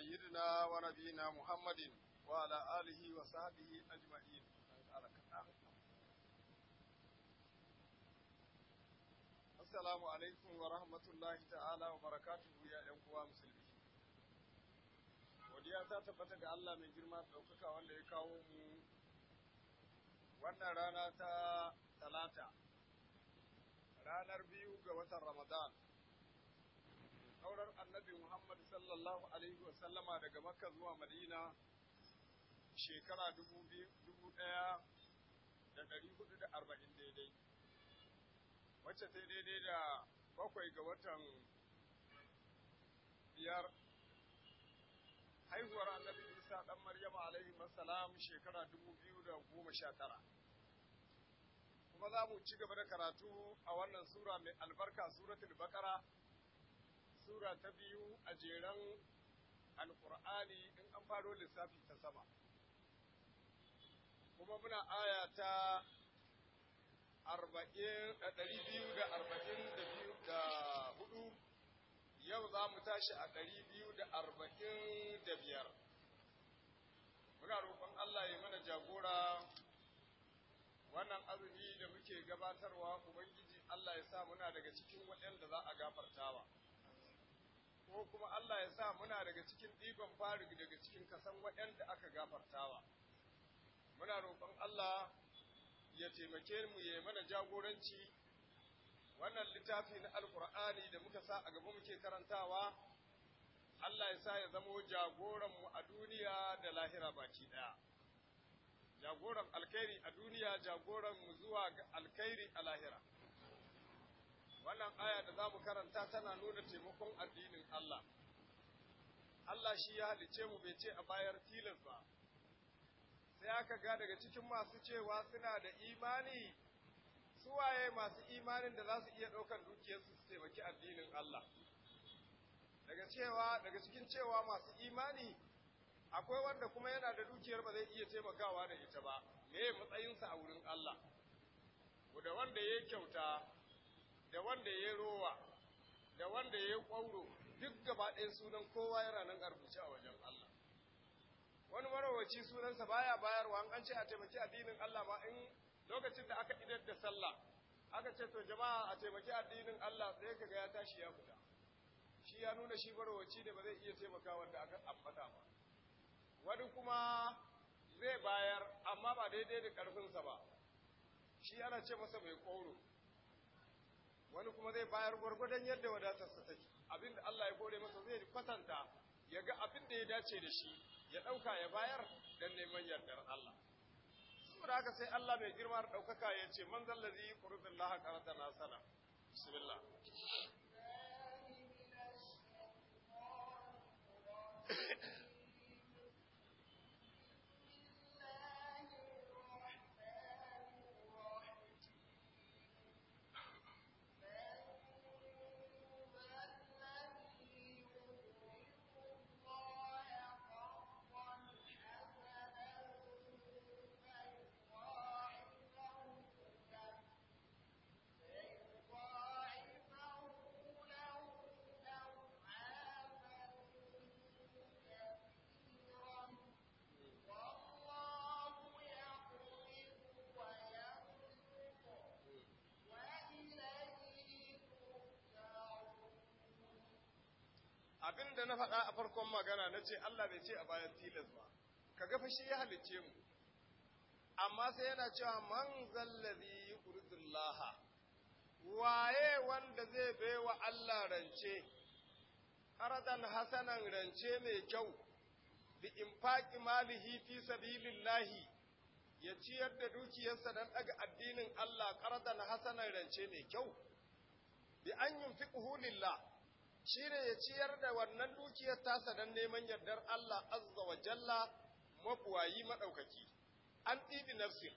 سيدنا ونبينا محمد وعلى آله وصحبه أجمعين Assalamu alaikum wa rahmatullahi ta'ala wa barakatuhu ya ‘yan uwa musulmi. Godiya ta tabbata ga Allah mai girma ɗaukaka wanda ya kawo mu wannan rana ta talata, ranar biyu ga watan Ramadan. kaurar annabi Muhammad sallallahu Alaihi wasallama daga Makka zuwa Madina shekara dubu ɗaya da ɗari hudu da arba'in daidai, wacce sai daidai da bakwai ga watan biyar haihuwar annabi Isa ɗan Maryama alaihi salam shekara dubu biyu da goma sha tara. Kuma za mu ci gaba da karatu a wannan sura mai albarka suratul Baqara. sura ta biyu a jeren alƙur'ani in an faro lissafi ta sama kuma muna aya ta eh, ɗari biyu da arba'in da biyu da hudu yau za mu tashi a ɗari biyu da arba'in da biyar muna roƙon Allah ya mana jagora wannan azumi da muke gabatarwa ubangiji Allah ya sa muna daga cikin waɗanda za a gafartawa. ko kuma Allah ya sa muna daga cikin ɗiban fari daga cikin kasan waɗanda aka gafartawa. Muna roƙon Allah ya taimake mu ya mana jagoranci wannan littafi na Alƙur'ani da muka sa a gaba muke karantawa, Allah ya sa ya zamo jagoranmu a duniya da lahira baki ɗaya. Jagoran alkhairi a duniya jagoran mu zuwa ga alkhairi a lahira. wannan aya da za mu karanta tana nuna taimakon addinin Allah Allah shi ya halice mu bai ce a bayar tilas ba sai aka ga daga cikin masu cewa suna da imani suwaye masu imanin da za su iya ɗaukar dukiyarsu su taimaki addinin Allah daga cewa daga cikin cewa masu imani akwai wanda kuma yana da dukiyar ba zai iya taimakawa da ita ba me matsayinsa a wurin Allah da wanda ya kyauta da wanda ya rowa da wanda ya kwauro duk gaba ɗaya sunan kowa yana nan a a wajen Allah wani marawaci sunansa baya bayarwa an ce a taimaki addinin Allah ma in lokacin da aka idar da sallah aka ce to jama'a a taimaki addinin Allah sai kaga ya tashi ya fita shi ya nuna shi marawaci da ba zai iya taimaka wanda aka ambata ba wani kuma zai bayar amma ba daidai da karfinsa ba shi ana ce masa mai kwauro wani kuma zai bayar gwargwadon yadda wadatarsa take abin da Allah ya kore masa zai kwatanta ya ga abin da ya dace da shi ya ɗauka ya bayar don neman yardar Allah saboda haka sai Allah mai girma da ɗaukaka ya ce man zallazi qurdin laha karanta hasana bismillah abin da na faɗa a farkon magana na ce Allah bai ce a bayan tilas ba ka gafa shi ya halicce mu amma sai yana cewa man zallazi laha. waye wanda zai baiwa Allah rance qaradan hasanan rance mai kyau bi in faƙi malihi fi sabilillahi ya ciyar da dukiyarsa don ɗaga addinin Allah qaradan hasanan rance mai kyau bi an yunfiquhu lillah shine ya ciyar da wannan dukiyar tasa don neman yardar Allah azza wa jalla mabuwayi maɗaukaki, an ɗibi nafsin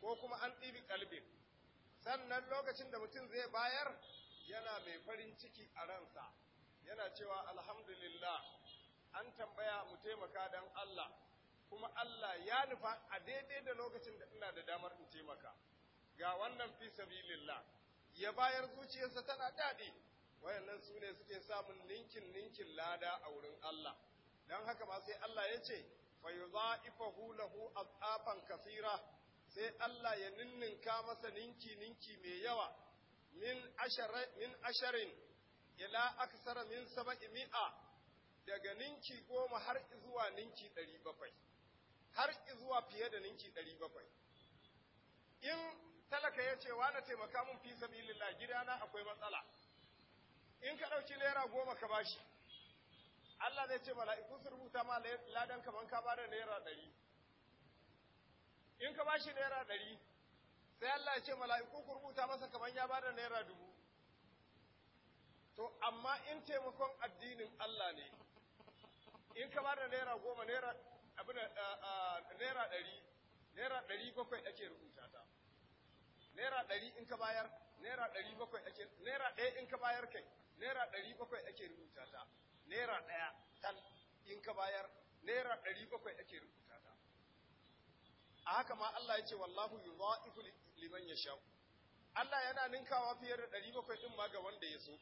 ko kuma an ɗibi kalbin, sannan lokacin da mutum zai bayar yana mai farin ciki a ransa, yana cewa alhamdulillah an tambaya mu taimaka don Allah, kuma Allah ya nufa a daidai da lokacin da ina da damar in taimaka, ga wannan fi sabilillah ya bayar zuciyarsa tana daɗi. wayannan su ne suke samun ninkin ninkin lada a wurin Allah don haka ba sai Allah ya ce fa yudha'ifahu lahu adafan kasira sai Allah ya ninninka masa ninki ninki mai yawa min ashara min asharin ila aksara min sab'i mi'a daga ninki goma har zuwa ninki ɗari bakwai har zuwa fiye da ninki ɗari bakwai in talaka ya ce wa na taimaka mun fi sabilillah gidana akwai matsala in ka ɗauki naira goma ka bashi Allah zai ce mala'iku su rubuta ma ladan kaman ka bada naira ɗari in ka bashi naira ɗari sai Allah ya ce mala'iku ku rubuta masa kaman ya bada naira dubu to amma in taimakon addinin Allah ne in ka bada naira goma naira abin naira ɗari naira ɗari bakwai ake rubuta ta naira ɗari in ka bayar naira ɗari bakwai ake naira ɗaya in ka bayar kai naira ɗari bakwai ake rubuta ta naira ɗaya tal in ka bayar naira ɗari bakwai ake rubuta ta a haka ma Allah ya ce wallahu yudha'ifu liman ya yasha Allah yana ninkawa fiye da ɗari bakwai ɗin ma ga wanda ya so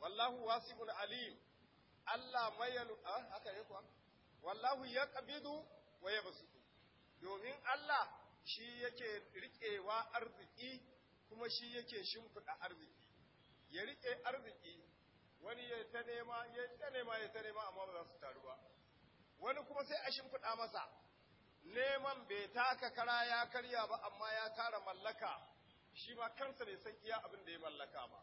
wallahu wasi'un alim Allah mayalu a ah, haka ya kuwa wallahu ya yaqbidu wa ku. domin Allah shi yake riƙewa arziki kuma shi yake shimfiɗa arziki ya riƙe arziki wani ya ta nema ya ta nema ya ta nema amma ba za su taru ba wani kuma sai a shimfiɗa masa neman bai taka kara ya karya ba amma ya tara mallaka shi ma kansa bai san iya abin da ya mallaka ba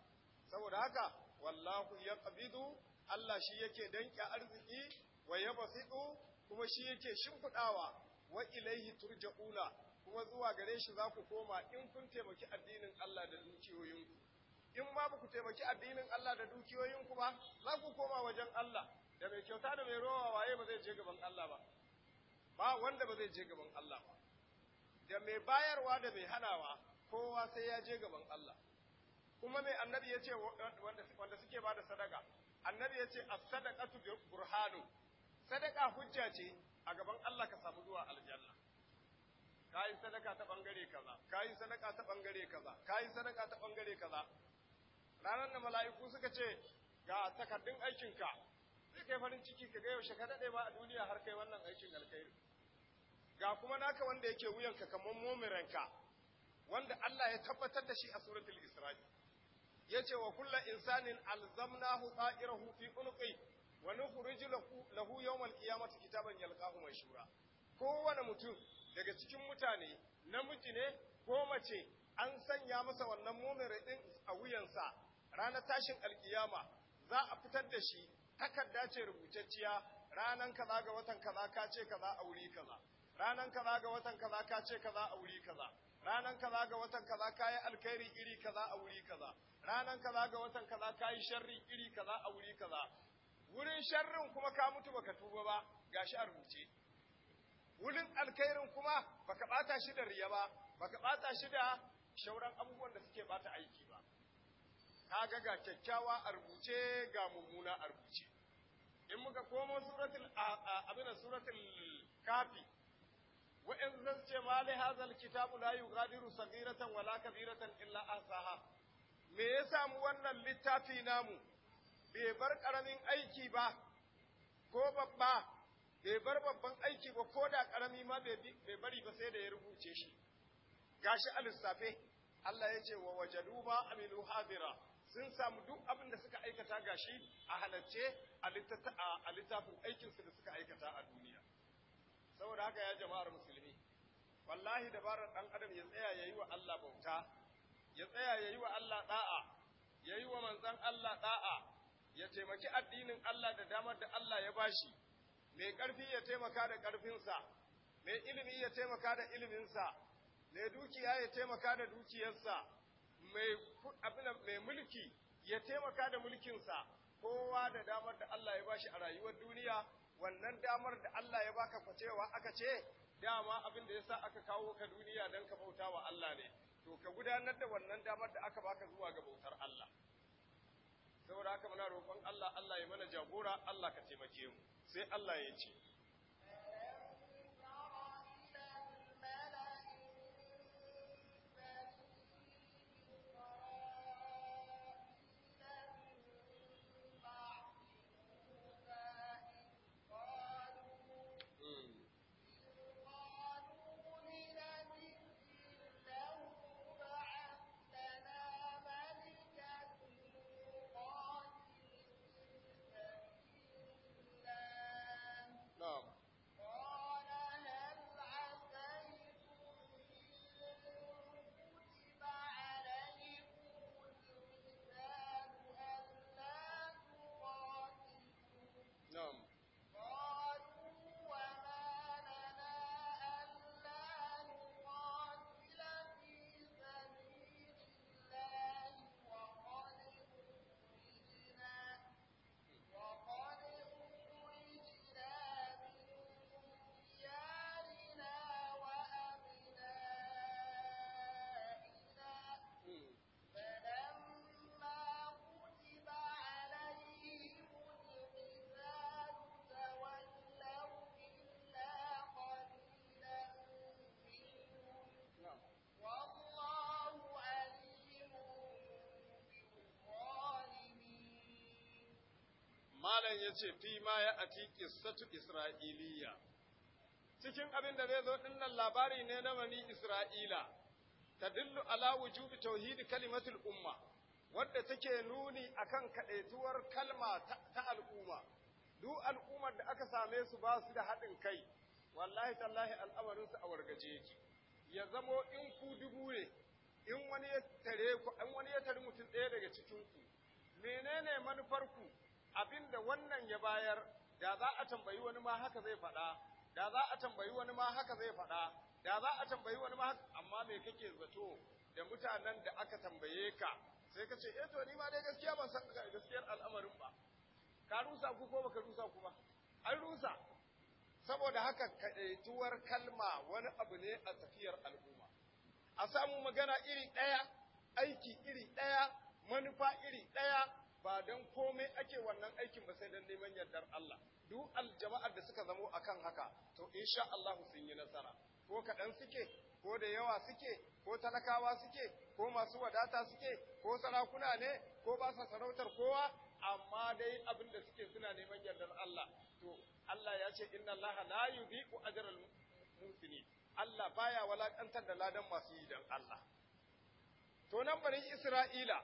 saboda haka wallahu ƙabidu Allah shi yake danƙe arziki wa basidu kuma shi yake shimfiɗawa wa ilaihi turja'una kuma zuwa gare shi za ku koma in kun taimaki addinin Allah da dukiyoyinku in ma ba ku taimaki addinin Allah da dukiyoyinku ba za ku koma wajen Allah da mai kyauta da mai rowa waye ba zai je gaban Allah ba ba wanda ba zai je gaban Allah ba da mai bayarwa da mai hanawa kowa sai ya je gaban Allah kuma mai annabi ya ce wanda suke ba da sadaka annabi ya ce as-sadaqatu burhanu sadaka hujja ce a gaban Allah ka samu zuwa aljanna kayi sadaka ta bangare kaza kayi sadaka ta bangare kaza kayi sadaka ta bangare kaza ranar da mala'iku suka ce ga takardun aikinka zai kai farin ciki ka ga yaushe ka daɗe ba a duniya har kai wannan aikin alkhairi ga kuma naka wanda yake wuyanka kamar momiranka wanda Allah ya tabbatar da shi a suratul isra'i yace wa kullu insanin alzamnahu ta'irahu fi unqi wa nukhrij lahu yawmal qiyamati kitaban mai shura. kowane mutum daga cikin mutane namiji ne ko mace an sanya masa wannan mumin din a wuyansa ranar tashin alkiyama za a fitar da shi takarda ce rubutacciya ranan kaza ga watan kaza ka ce kaza a wuri kaza ranan kaza ga watan kaza ka ce kaza a wuri kaza ranan kaza ga watan kaza ka yi alkhairi iri kaza a wuri kaza ranan kaza ga watan kaza ka yi sharri iri kaza a wuri kaza wurin sharrin kuma ka mutu baka tuba ba gashi a rubuce wurin alkhairin kuma baka bata shi da riya ba baka bata shi da shauran abubuwan da suke bata aiki kaga ga kyakkyawa a rubuce ga mummuna a rubuce in muka komo suratul abin suratul kafi wa in zace ma li hazal kitabu la yughadiru saghiratan wala kabiratan illa ahsaha me yasa mu wannan littafi namu bai bar karamin aiki ba ko babba bai bar babban aiki ba ko da karami ma bai bari ba sai da ya rubuce shi gashi a lissafi. Allah ya ce wa wajadu ma amilu hadira sun samu duk abin da suka aikata gashi a halarce a littafin aikinsu da suka aikata a duniya saboda haka ya jama'ar musulmi wallahi dabarar ɗan adam ya tsaya ya yi wa Allah bauta ya tsaya ya yi wa Allah ɗa'a ya yi wa manzan Allah ɗa'a ya taimaki addinin Allah da damar da Allah ya bashi mai ƙarfi ya taimaka da ƙarfinsa mai ilimi ya taimaka da iliminsa mai dukiya ya taimaka da dukiyarsa mai mulki ya taimaka da mulkinsa kowa da damar da Allah ya bashi a rayuwar duniya wannan damar da Allah ya baka kwacewa aka ce dama abin da ya sa aka kawo ka duniya don ka bauta wa Allah ne to ka gudanar da wannan damar da aka baka zuwa ga bautar Allah saboda haka mana roƙon Allah Allah ya mana jagora Allah ka taimake mu sai Allah ya ce Malam ya ce, fi ma ya ati ƙissatu Isra'iliya, cikin abin da zai zo ɗinnan labari ne na wani Isra'ila, ta ala wujubi tauhidi kalimatul umma, wadda take nuni akan kaɗaituwar kalma ta al'umma. Duk al'ummar da aka same su ba su da haɗin kai, wallahi tallahi su a wargaje yake. Ya zamo in ku dubu ne, in wani ya tare ku, in wani ya tare mutum ɗaya daga cikinku, menene manufar ku Abin da wannan ya bayar da za a tambayi wani ma haka zai faɗa da za a tambayi wani ma haka zai faɗa da za a tambayi wani ma haka amma me kake zato da mutanen da aka tambaye ka sai ka ce eh to ni ma dai gaskiya ban san gaskiyar al'amarin ba ka rusa ku ko baka rusa ku ba an rusa saboda haka kaɗaituwar kalma wani abu ne a tafiyar al'umma a samu magana iri ɗaya aiki iri ɗaya manufa iri ɗaya ba don komai ake wannan aikin ba sai don neman yardar Allah duk aljama'ar da suka zamo akan haka to insha Allah sun yi nasara ko kaɗan suke ko da yawa suke ko talakawa suke ko masu wadata suke ko sarakuna ne ko ba sa sarautar kowa amma dai abin da suke suna neman yardar Allah to Allah ya ce inna Allah la yudhi'u ajral muhsinin Allah baya walakantar da ladan masu yi dan Allah to nan bari Isra'ila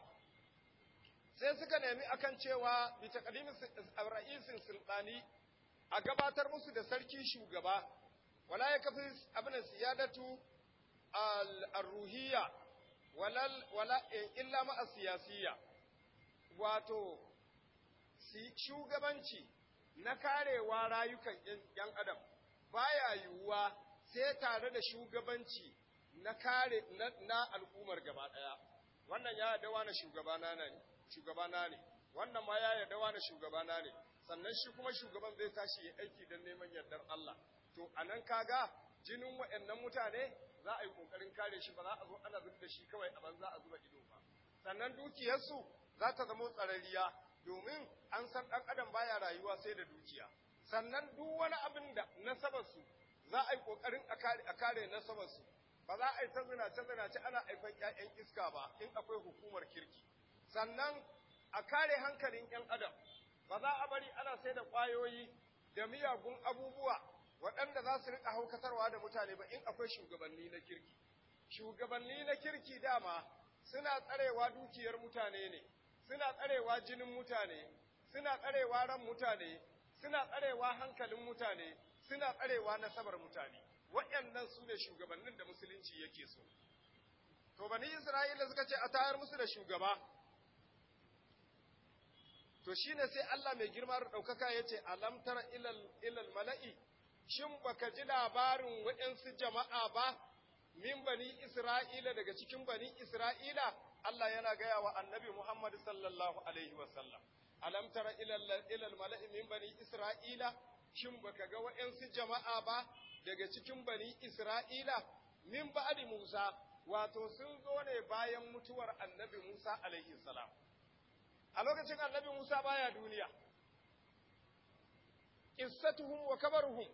sai suka nemi akan cewa bi kadimin ra'isin sultani a gabatar musu da sarki shugaba wala kafi abin siyadatu al-ruhiyya wala wala eh, illa ma siyasiyya wato shugabanci na karewa rayukan yan adam baya yiwuwa sai tare da shugabanci na kare na al'ummar gaba daya wannan ya da wani shugabana na ne shugabana ne wannan ma ya yarda wani shugabana ne sannan shi kuma shugaban zai tashi ya aiki don neman yardar Allah to anan kaga jinin wa'annan mutane za a yi kokarin kare shi ba za a zo ana zubar da shi kawai a banza a zuba ido ba sannan dukiyarsu za ta zama tsarariya domin an san ɗan adam baya rayuwa sai da dukiya sannan duk wani abin da nasabarsu za a yi kokarin a kare nasabarsu ba za a yi ta zinace zinace ana aifan ƴaƴan iska ba in akwai hukumar kirki sannan a kare hankalin ‘yan adam ba za a bari ana sai da ƙwayoyi da miyagun abubuwa waɗanda za su riƙa haukatarwa da mutane ba in akwai shugabanni na kirki shugabanni na kirki dama suna tsarewa dukiyar mutane ne suna tsarewa jinin mutane suna tsarewa ran mutane suna tsarewa hankalin mutane suna tsarewa nasabar mutane waɗannan su ne shugabannin da musulunci yake so to bani isra'ila suka ce a tayar musu da shugaba to shi ne sai Allah mai girma da ɗaukaka ya ce alamtar ilal mala'i shin baka ji labarin waɗansu jama'a ba min bani Isra'ila daga cikin bani Isra'ila Allah yana gaya wa annabi Muhammad sallallahu alaihi wasallam alamtar ilal mala'i min bani Isra'ila shin baka ga waɗansu jama'a ba daga cikin bani Isra'ila min ba'di Musa wato sun zo ne bayan mutuwar annabi Musa alaihi salam a lokacin annabi Musa baya duniya qissatuhum wa kabaruhum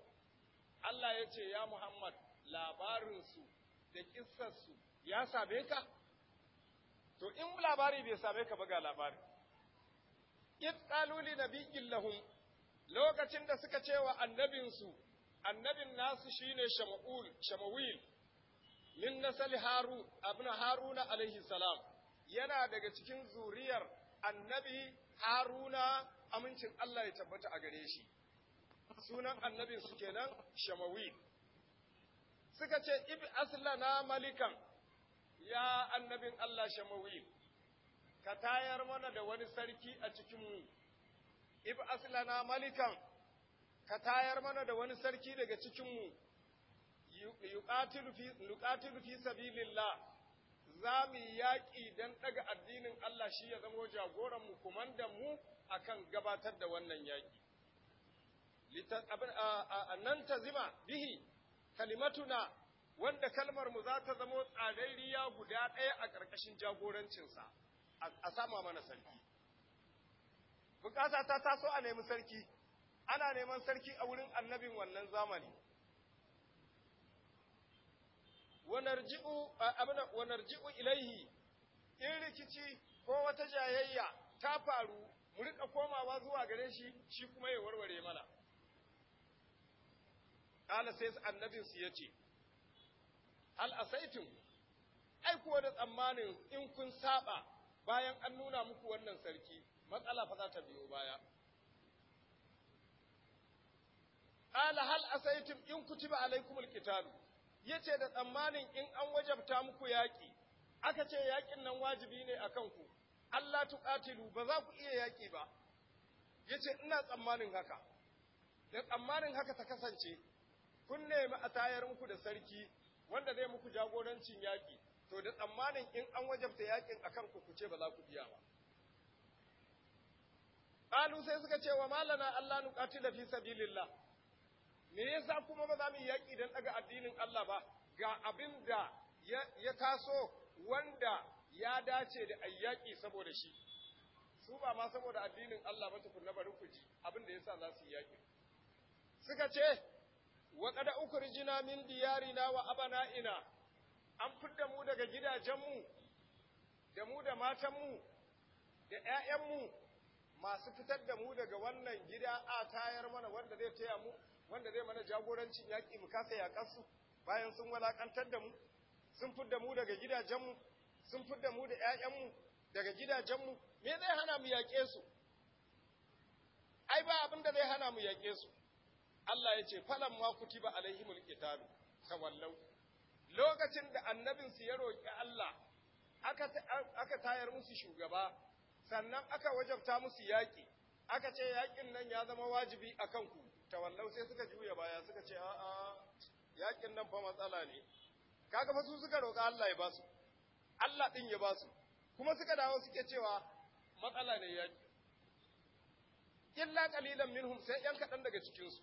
Allah ya ya Muhammad labarinsu da kissarsu ya same ka to in labari bai same ka ba ga labari id qalu li nabiyyin lahum lokacin da suka cewa annabinsu annabin nasu shine shama'ul shamawil min nasal harun abna haruna alaihi salam yana daga cikin zuriyar annabi Haruna amincin Allah ya tabbata a gare shi. Sunan annabin su kenan shamawi Suka ce, Ibi aslana malikan, ya annabin Allah shamawi ka tayar mana da wani sarki a cikinmu. Ibi aslana malikan, ka tayar mana da wani sarki daga cikinmu, yuƙatilu fi sabilillah za mu yaƙi don ɗaga addinin Allah shi ya zama jagoranmu, mu a kan gabatar da wannan yaƙi. Nan ta zima bihi na wanda kalmarmu za ta zama tsararriya guda ɗaya a ƙarƙashin jagorancinsa a sama mana sarki. Bukasa ta taso a nemi sarki, ana neman sarki a wurin annabin wannan zamani. wanarji'u ilaihi in rikici ko wata jayayya ta faru mu rika komawa zuwa gare shi shi kuma ya warware mana qala sai annabin su yace hal asaitum ai kuwa da tsammanin in kun saba bayan an nuna muku wannan sarki matsala fa za ta biyo baya qala hal asaitum in kutiba alaikumul qitalu ya ce da tsammanin in an wajabta muku yaƙi, aka ce yaƙin nan wajibi ne a kanku, Allah tuƙatilu ba za ku iya yaƙi ba, ya ce ina tsammanin haka, da tsammanin haka ta kasance, kun nemi a tayar muku da sarki wanda zai muku jagorancin yaƙi, to da tsammanin in an wajabta yaƙin a kanku ku ce ba za ku biya ba. Ƙalu sai suka ce wa malana Allah nuƙatila fi sabilillah me yasa kuma ba za mu yi yaƙi don ɗaga addinin Allah ba ga abin da ya taso wanda ya dace da a yaƙi saboda shi su ba ma saboda addinin Allah ba tukunna bari ku ji abin da yasa za su yaƙi suka ce wa uku rijina min diyarina wa abana'ina an fidda mu daga gidajenmu da mu da matanmu da 'ya'yanmu masu fitar da mu daga wannan gida a tayar mana wanda zai taya mu wanda zai mana jagorancin yaƙi mu kasa yaƙansu bayan sun walaƙantar da mu sun fidda mu daga gidajenmu sun fidda mu da 'ya'yanmu daga gidajenmu me zai hana mu yaƙe su ai ba abin da zai hana mu yaƙe su Allah ya ce falan ma kutiba alaihimul qitalu tawallau lokacin da annabin su ya roƙi Allah aka aka tayar musu shugaba sannan aka wajabta musu yaƙi aka ce yaƙin nan ya zama wajibi akan ku tawallau sai suka juya baya suka ce a'a yakin nan fa matsala ne kaga fa su suka roƙa Allah ya basu Allah din ya basu kuma suka dawo suke cewa matsala ne yaki illa qalilan minhum sai yan kadan daga cikin su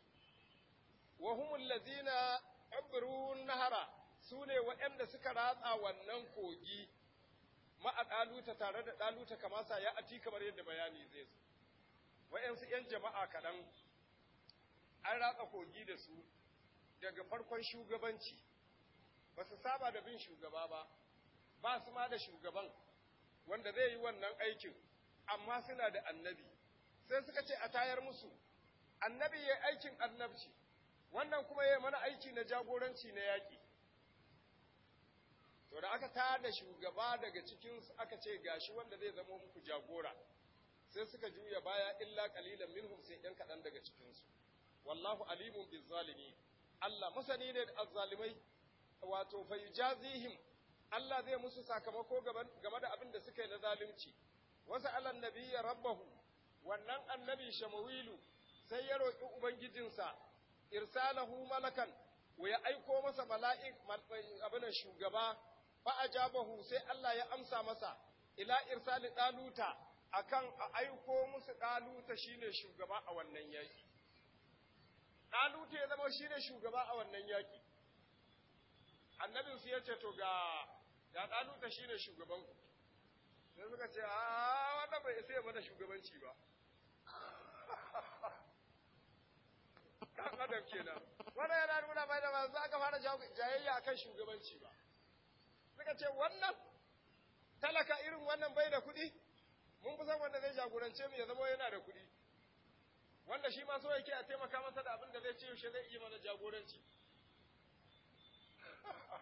wa humul ladzina abrun nahara sune waɗanda suka ratsa wannan kogi ma a ɗaluta tare da ɗaluta kamasa ya ati kamar yadda bayani zai zo wa'yansu ‘yan jama'a kaɗan an ratsa kogi da su daga farkon shugabanci ba su saba da bin shugaba ba ba su ma da shugaban wanda zai yi wannan aikin amma suna da annabi sai suka ce a tayar musu annabi ya aikin annabci wannan kuma ya mana aiki na jagoranci na yaƙi to da aka tayar da shugaba daga cikinsu aka ce gashi wanda zai zama muku jagora sai suka juya baya illa ƙalilan minhum sai ɗan kaɗan daga cikinsu wallahu alimun bizzalimi Allah masani ne da azzalimai wato jazihim. Allah zai musu sakamako game da abin da suka yi na zalunci wasu alan ya rabbahu wannan annabi shamawilu sai ya roƙi ubangijinsa irsalahu malakan wa ya aiko masa mala'ik abin shugaba a jabahu, sai Allah ya amsa masa ila irsali daluta akan a aiko musu ɗaluta shine shugaba a wannan yaki ɗaluta ya zama shi ne shugaba a wannan yaƙi annabinsu ya ce to ga ga ɗaluta shi ne shugabanku sai suka ce a wanda bai isa ya mana shugabanci ba kan adam kenan wannan yana nuna mai da ba za ka fara jayayya akan shugabanci ba suka ce wannan talaka irin wannan bai da kuɗi mun kusan wanda zai jagorance mu ya zama yana da kuɗi wanda shi ma so yake a taimaka masa da abin da zai ce yaushe zai yi mana jagoranci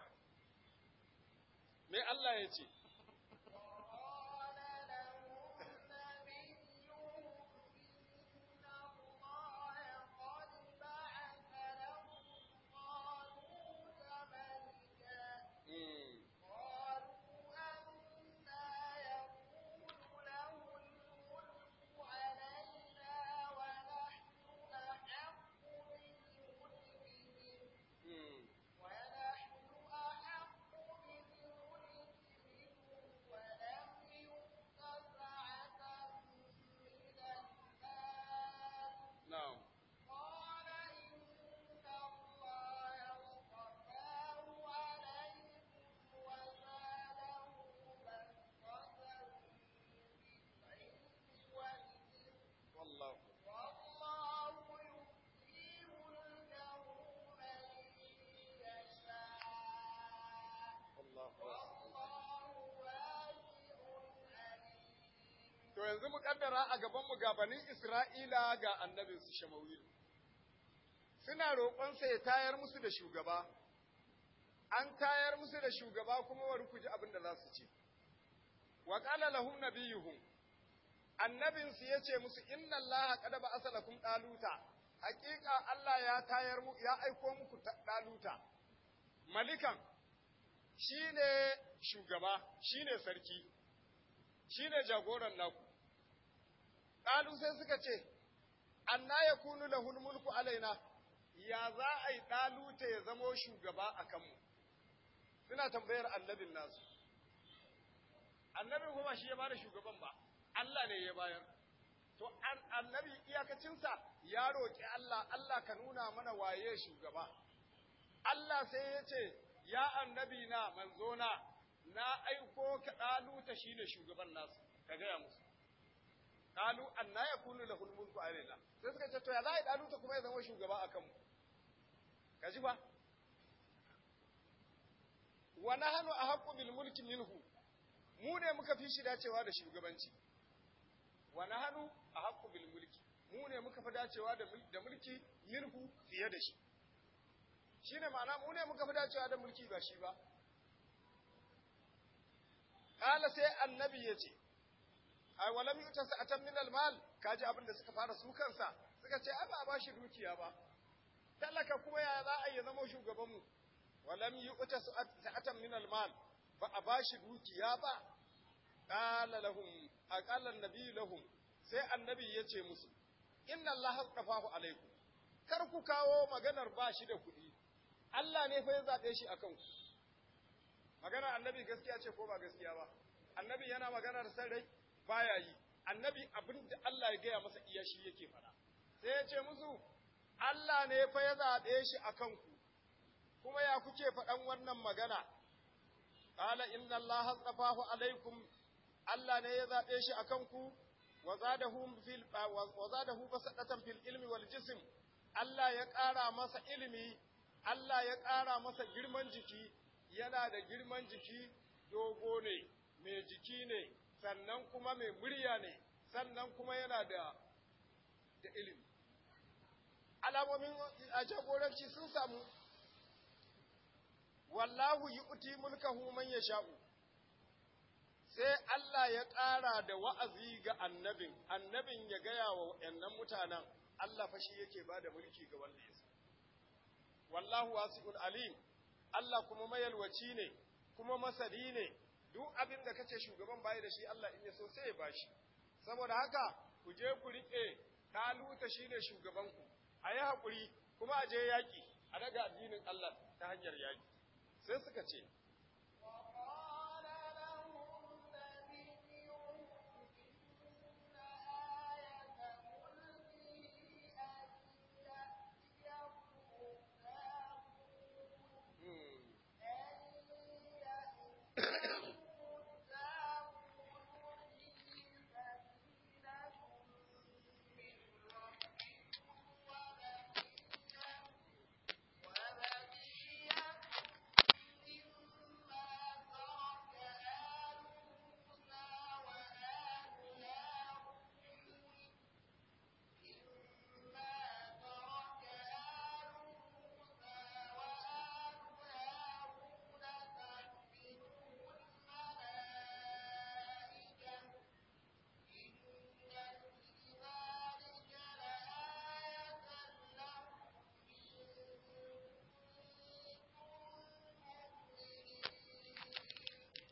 me Allah ya ce yanzu mu kaddara a gaban mu bani Isra'ila ga annabin su Shamawilu suna roƙon ya tayar musu da shugaba an tayar musu da shugaba kuma wa rukuji abin da za su ce wa qala lahum nabiyuhum annabin su yace musu inna allaha qad ba'atha daluta haƙiƙa Allah ya tayar mu ya aiko muku daluta malikan shine shugaba shine sarki shine jagoran naku Ƙalu sai suka ce, Anna ya kunu lahul mulku alaina, ya za a yi ɗaluta ya zamo shugaba a kanmu. Suna tambayar annabin nasu. Annabin kuma shi ya bada shugaban ba, Allah ne ya bayar. To, annabi iyakacinsa ya roƙi Allah, Allah ka nuna mana waye shugaba. Allah sai ya ce, Ya annabi na manzo na na aiko ka ɗaluta shi ne shugaban nasu, ka gaya musu. qalu anna yakunu lahu mulku alaina sai suka ce to ya zai ta kuma ya zama shugaba akan mu kaji ba wa nahnu ahqqu bil mulki minhu mu ne muka fi shi dacewa da shugabanci wa nahnu ahqqu bil mulki mu ne muka fi dacewa da mulki minhu fiye da shi shine ma'ana mu ne muka fi dacewa da mulki ba shi ba kala sai annabi yace ce ai walam yuta sa'atan min mal? kaji abin da suka fara su kansa suka ce ai ba a bashi dukiya ba talaka kuma ya za a yi zama shugaban mu walam yuta sa'atan min mal? ba a bashi dukiya ba qala lahum aqala annabi lahum sai annabi ya ce musu inna allaha qafahu alaikum kar ku kawo maganar bashi da kuɗi Allah ne fa ya zaɓe shi akan ku maganar annabi gaskiya ce ko ba gaskiya ba annabi yana maganar san baya yi annabi abin da Allah ya gaya masa iya shi yake fara sai ya ce musu Allah ne fa ya zaɓe shi a kanku kuma ya kuke faɗan wannan magana qala inna Allah hasafahu alaikum Allah ne ya zaɓe shi a kanku wa zadahu fil wa zadahu basadatan fil ilmi wal jism Allah ya ƙara masa ilimi Allah ya ƙara masa girman jiki yana da girman jiki dogo ne mai jiki ne sannan kuma mai murya ne sannan kuma yana da ilimi alamomin a jagoranci sun samu wallahu yi mulka human ya sha'u. sai Allah ya ƙara da wa'azi ga annabin annabin ya gaya wa 'yannan mutanen Allah fashi shi yake bada mulki ga wanda ya wallahu wasi'un alim Allah kuma mayalwaci ne kuma masadi ne duk abin da kace shugaban bai da shi Allah in ya so sai ya bashi saboda haka ku je ku rike taluta shine shugaban ku ayi hakuri kuma a je yaki a daga addinin Allah ta hanyar yaki sai suka ce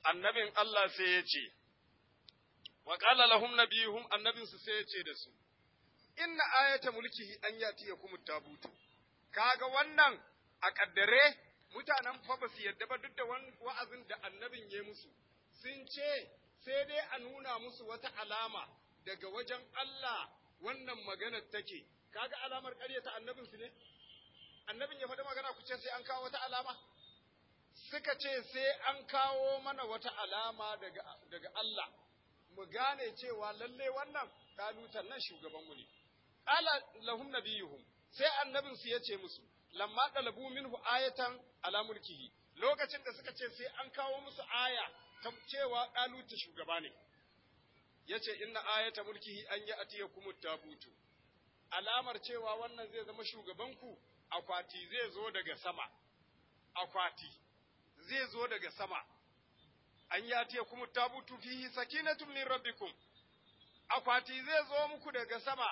annabin Allah sai ya ce, wa ƙala lahum annabin annabinsu sai ya ce da su, inna ayata mulkihi an yati ya kuma tabutu, kaga wannan a ƙaddare mutanen fa ba yadda ba duk da wa'azin da annabin ya musu, sun ce sai dai a nuna musu wata alama daga wajen Allah wannan magana take, kaga alamar ƙaryata annabinsu ne? Annabin ya faɗi magana ku ce sai an kawo wata alama? suka ce sai an kawo mana wata alama daga Allah, mu gane cewa lalle wannan ɗalutan nan shugabanmu ne. Ala lahum nabiyuhum sai annabinsu ya ce musu, lamma ɗalabu minhu ayatan ala lokacin da suka ce sai an kawo musu aya ta cewa ɗaluta shugaba ne. Ya ce, inna ayata mulkihi an yi atiya kuma tabutu. Alamar cewa wannan zai zama shugabanku akwati zai zo daga sama, akwati. zai zo daga sama an ya ce kuma tabutu fihi sakinatun min rabbikum akwati zai zo muku daga sama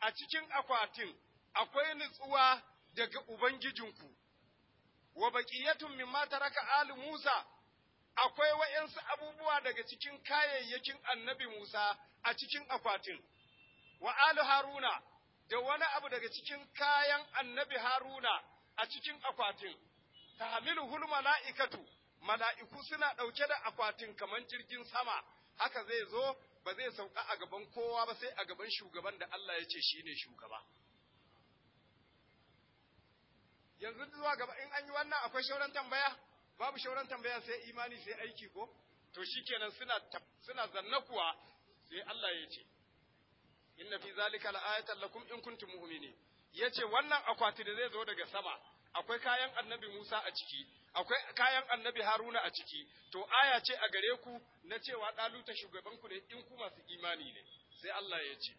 a cikin akwatin akwai nutsuwa daga ubangijinku wa baqiyatun mimma taraka ali Musa akwai wa'yansu abubuwa daga cikin kayayyakin annabi Musa a cikin akwatin wa alu Haruna da wani abu daga cikin kayan annabi Haruna a cikin akwatin tahmiluhul mala'ikatu mala'iku suna ɗauke da akwatin kaman jirgin sama haka zai zo ba zai sauka a gaban kowa ba sai a gaban shugaban da Allah ya ce shine shugaba yanzu zuwa gaba in an yi wannan akwai shauran tambaya babu shauran tambaya sai imani sai aiki ko to shikenan suna suna zanna kuwa sai Allah ya ce inna fi zalika la'ayatan lakum in kuntum mu'minin yace wannan akwati da zai zo daga sama akwai kayan annabi Musa a ciki, akwai kayan annabi Haruna a ciki, to aya ce a gare ku na cewa ɗaluta shugabanku ne in ku masu imani ne, sai Allah ya ce.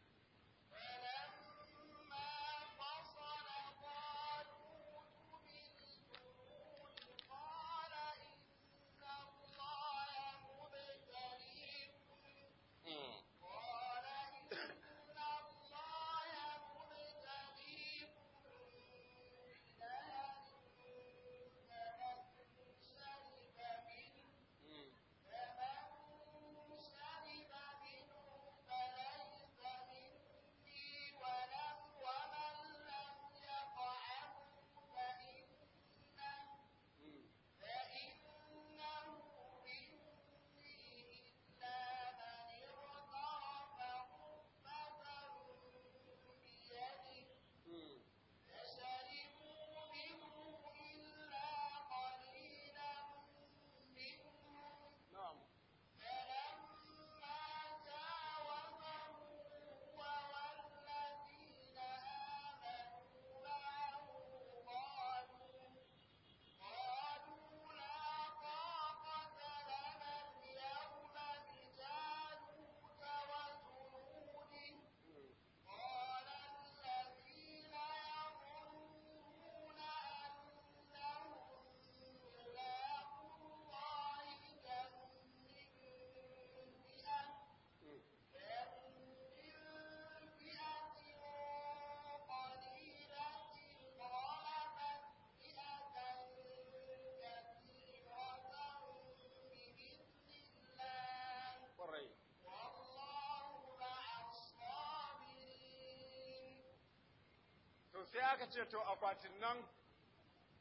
sai aka ce to akwatin nan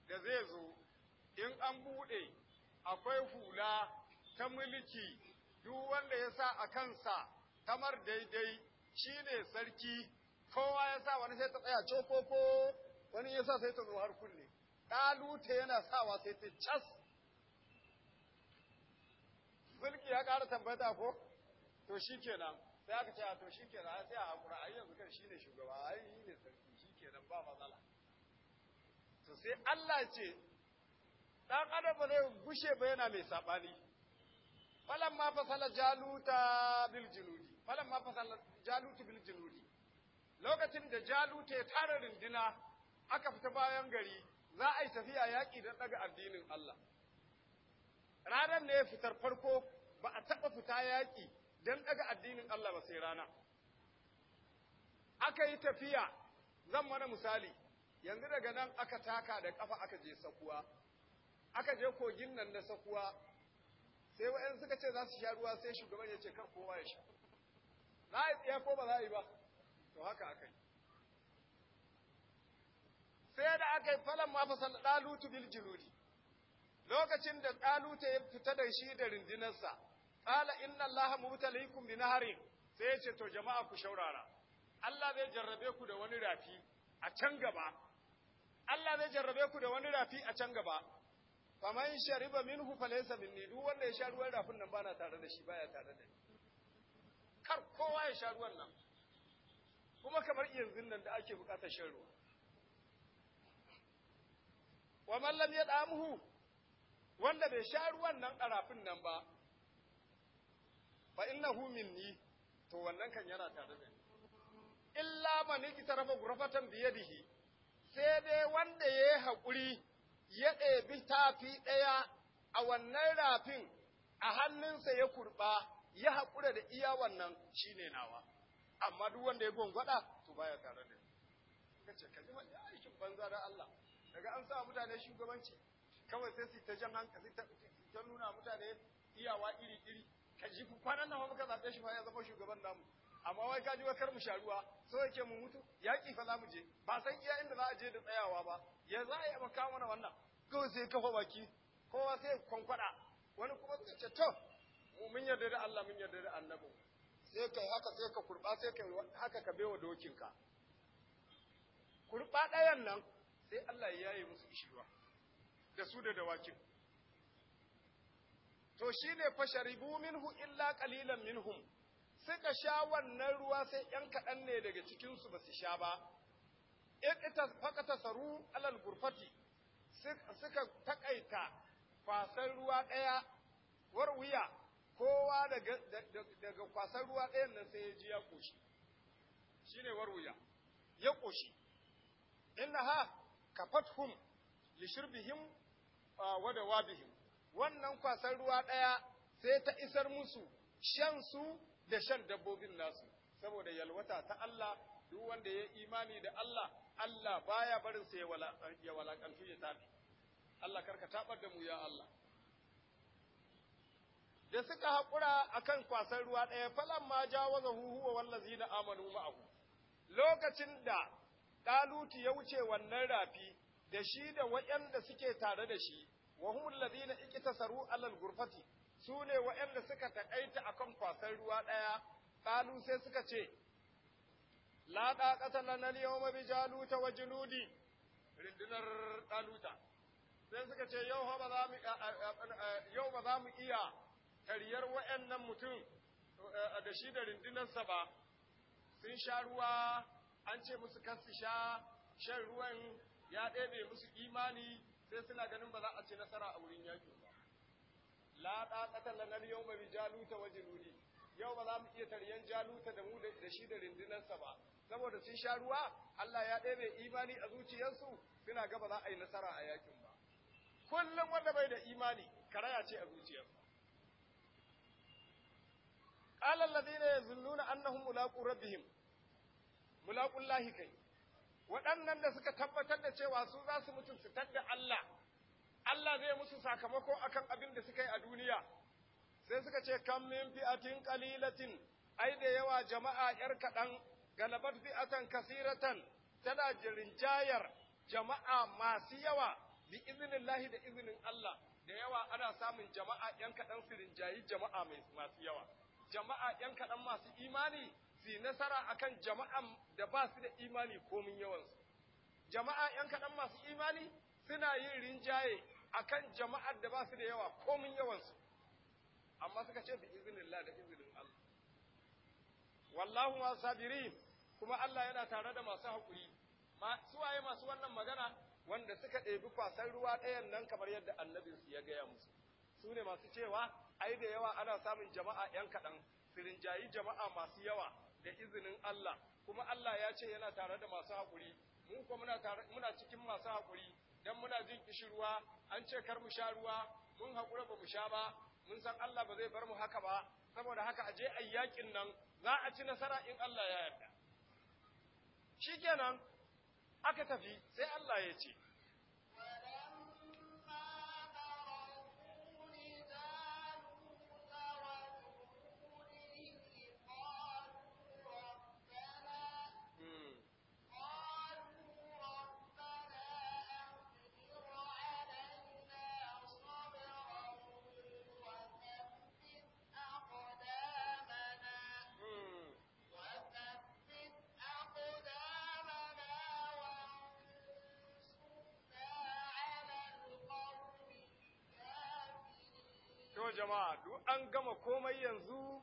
da zai zo in an bude akwai hula ta mulki duk wanda ya sa a kansa kamar daidai shi ne sarki kowa ya sa wani sai ta tsaya cokoko wani ya sa sai ta zo har kulle ɗalute yana sawa sai ta cas mulki ya ƙara tambata ko to shi kenan sai aka ce to shi kenan sai a haƙura ai yanzu kan shi ne shugaba ai ba matsala to sai Allah ce ɗan adam ba zai gushe ba yana mai saɓani. falan ma fasala jaluta bil junudi ma fasala jaluta bil lokacin da jaluta ya tara rindina aka fita bayan gari za a yi tafiya yaƙi don ɗaga addinin Allah ranar ne fitar farko ba a taɓa fita yaƙi don ɗaga addinin Allah ba sai rana aka yi tafiya zan mana misali yanzu daga nan aka taka da kafa aka je sakuwa aka je kogin nan na sakuwa sai wa'yan suka ce za su sha ruwa sai shugaban ya ce kan kowa ya sha za a yi tsaye ko ba za a yi ba to haka aka yi sai da aka yi falon mafasal ɗalutu bil jiruri lokacin da ɗaluta ya fita da shi da rindinarsa ƙala inna allaha mubtalikum bi naharin sai ya ce to jama'a ku shaurara Allah zai jarrabe ku da wani rafi a can gaba Allah zai jarrabe ku da wani rafi a can gaba faman shariba minhu falaysa minni duk wanda ya sha ruwan rafin nan bana tare da shi baya tare da ni kar kowa ya sha ruwan nan kuma kamar yanzu nan da ake bukatar shan ruwa wa man lam yad'amhu wanda bai sha ruwan nan a rafin nan ba fa innahu minni to wannan kan yana tare da ni illa man iktaraba ghurfatan bi yadihi sai dai wanda ya yi haƙuri ya ɗebi tafi ɗaya a wannan rafin a hannunsa ya kurɓa ya haƙura da iya wannan shine nawa amma duk wanda ya gwangwada to baya tare da ka ce kaji wani aikin banza da Allah daga an sa mutane shugabanci kawai sai su ta jan hankali ta nuna mutane iyawa iri iri ka ji kwanan nan muka zaɓe shi fa ya zama shugaban namu amma wai ka wa kar mu sha ruwa so yake mu mutu yaki fa za mu je ba san iya inda za a je da tsayawa ba ya za a yi maka mana wannan ko sai kafa baki kowa sai kwankwada wani kuma sai ce to mun yarda da Allah mun yarda da annabi sai kai haka sai ka kurba sai kai haka ka baiwa dokinka kurba ɗayan nan sai Allah ya yaye musu ishirwa da su da dawakin to shine fasharibu minhu illa qalilan minhum suka sha wannan ruwa sai ‘yan kaɗan ne daga cikinsu ba su sha ba, ita ta saru alal gurfati suka taƙaita kwasan ruwa ɗaya war wuya kowa daga kwasan ruwa ɗayan nan sai ya ji ya ƙoshi, shi ne war wuya, ya ƙoshi, inna ha ka fathum lishirbihim wa bihim. wannan kwasan ruwa ɗaya sai ta isar musu shan su da shan dabbobin nasu saboda yalwata ta Allah duk wanda ya imani da Allah Allah baya barin sa ya walakantu ya tafi Allah karka tabar da mu ya Allah da suka haƙura akan kwasan ruwa ɗaya falan ma jawaza huwa wallazi na amanu ma'ahu lokacin da ɗaluti ya wuce wannan rafi da shi da waɗanda suke tare da shi wa humul ladina iktasaru alal gurfati su ne waɗanda suka taƙaita a kan kwasan ruwa ɗaya ƙalu sai suka ce la na nan yau mabi jaluta wa jinudi, rindunar ɗaluta sai suka ce yau ba za mu iya kariyar waɗannan mutum eh, da shi da rindunarsa ba sun sha ruwa an ce musu kasu sha shan ruwan ya ɗebe musu imani sai suna ganin ba za a ci nasara a wurin yaƙi la ɗaɗata lanar yau mai jaluta wa jinuni yau ba za mu iya taryan jaluta da mu da shi da rindinarsa ba saboda sun sha ruwa Allah ya ɗebe imani a zuciyarsu suna gaba za a yi nasara a yakin ba kullum wanda bai da imani karaya ce a zuciyarsa qala alladhina yazunnuna annahum mulaqu rabbihim mulaƙun lahikai waɗannan da suka tabbatar da cewa su za su mutu su tadda Allah Allah zai musu sakamako akan abin da suka yi a duniya sai suka ce kam min fi'atin qalilatin ai da yawa jama'a yar kaɗan, galabat fi'atan kasiratan tana jirinjayar jama'a masu yawa bi iznillahi da iznin Allah da yawa ana samun jama'a yan kadan su rinjayi jama'a masu yawa jama'a yan kadan masu imani su nasara akan jama'an da ba su da imani komin yawansu jama'a yan kadan masu imani suna yin rinjaye akan jama'ar da ba su da yawa komin yawansu amma suka ce bi Allah da izinin Allah wallahu ma sabirin kuma Allah yana tare da masu haƙuri ma suwaye masu wannan magana wanda suka ɗebi kwasar ruwa ɗayan nan kamar yadda annabinsu ya gaya musu su ne masu cewa ai da yawa ana samun jama'a ‘yan kaɗan su rinjayi jama'a masu yawa da izinin Allah kuma Allah ya ce yana tare da masu haƙuri mu kuma muna cikin masu haƙuri dan muna jin kishirwa an ce kar mu sha ruwa mun haƙura ba mu sha ba mun san Allah ba zai bar mu haka ba saboda haka aje ayyakin nan za a ci nasara in Allah ya yarda shikenan aka tafi sai Allah ya ce jama'a duk an gama komai yanzu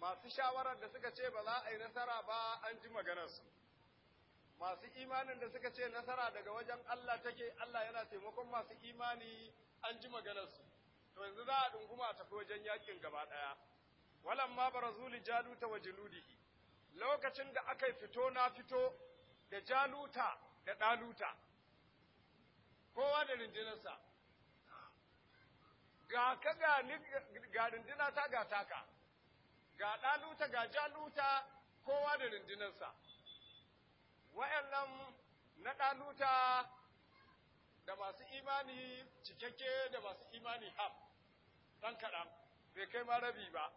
masu shawarar da suka ce ba za a yi nasara ba an ji maganarsu masu imanin da suka ce nasara daga wajen Allah take Allah yana taimakon masu imani an ji maganarsu to yanzu za a dunguma ta fi wajen yakin gaba ɗaya walan ma zuli jaluta wa juludihi lokacin da aka fito na fito da jaluta da ɗaluta kowa da rundunarsa ga ka ga ga rindina ta ga taka ga ɗaluta ga jaluta kowa da rindinarsa wayannan na ɗaluta da masu imani cikakke da masu imani ham ɗan kaɗan bai kai ma rabi ba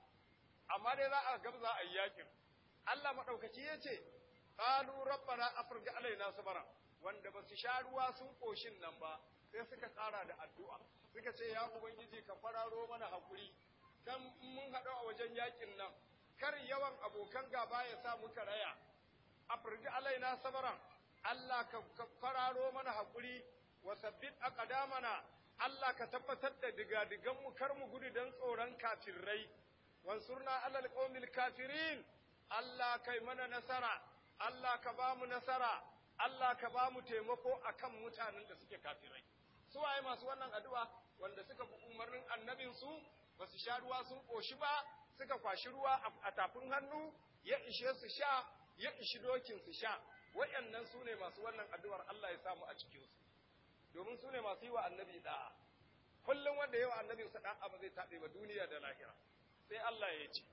amma dai za a gabza a yakin Allah maɗaukaci ya ce ƙalu rabbana afirga alaina sabara wanda ba su sha ruwa sun ƙoshin nan ba sai suka tsara da addu'a suka ce ya bangiji ka fararo mana hakuri dan mun haɗu a wajen yakin nan kar yawan abokan gaba ya sa muka raya afirji alaina sabaran Allah ka fararo mana hakuri wa sabbit aqdamana Allah ka tabbatar da digadigan mu kar mu gudu dan tsoron kafirai wansurna alal qawmil kafirin Allah kai mana nasara Allah ka ba mu nasara Allah ka ba mu taimako akan mutanen da suke kafirai su waye masu wannan addu'a wanda suka bi umarnin annabin su ba su sha ruwa sun koshi ba suka kwashi ruwa a tafin hannu ya ishe su sha ya ishi dokin su sha wayannan su ne masu wannan addu'ar Allah ya samu a cikin su domin su ne masu yi wa annabi da'a kullum wanda yawa annabin sa da'a ba zai tabe ba duniya da lahira sai Allah ya ce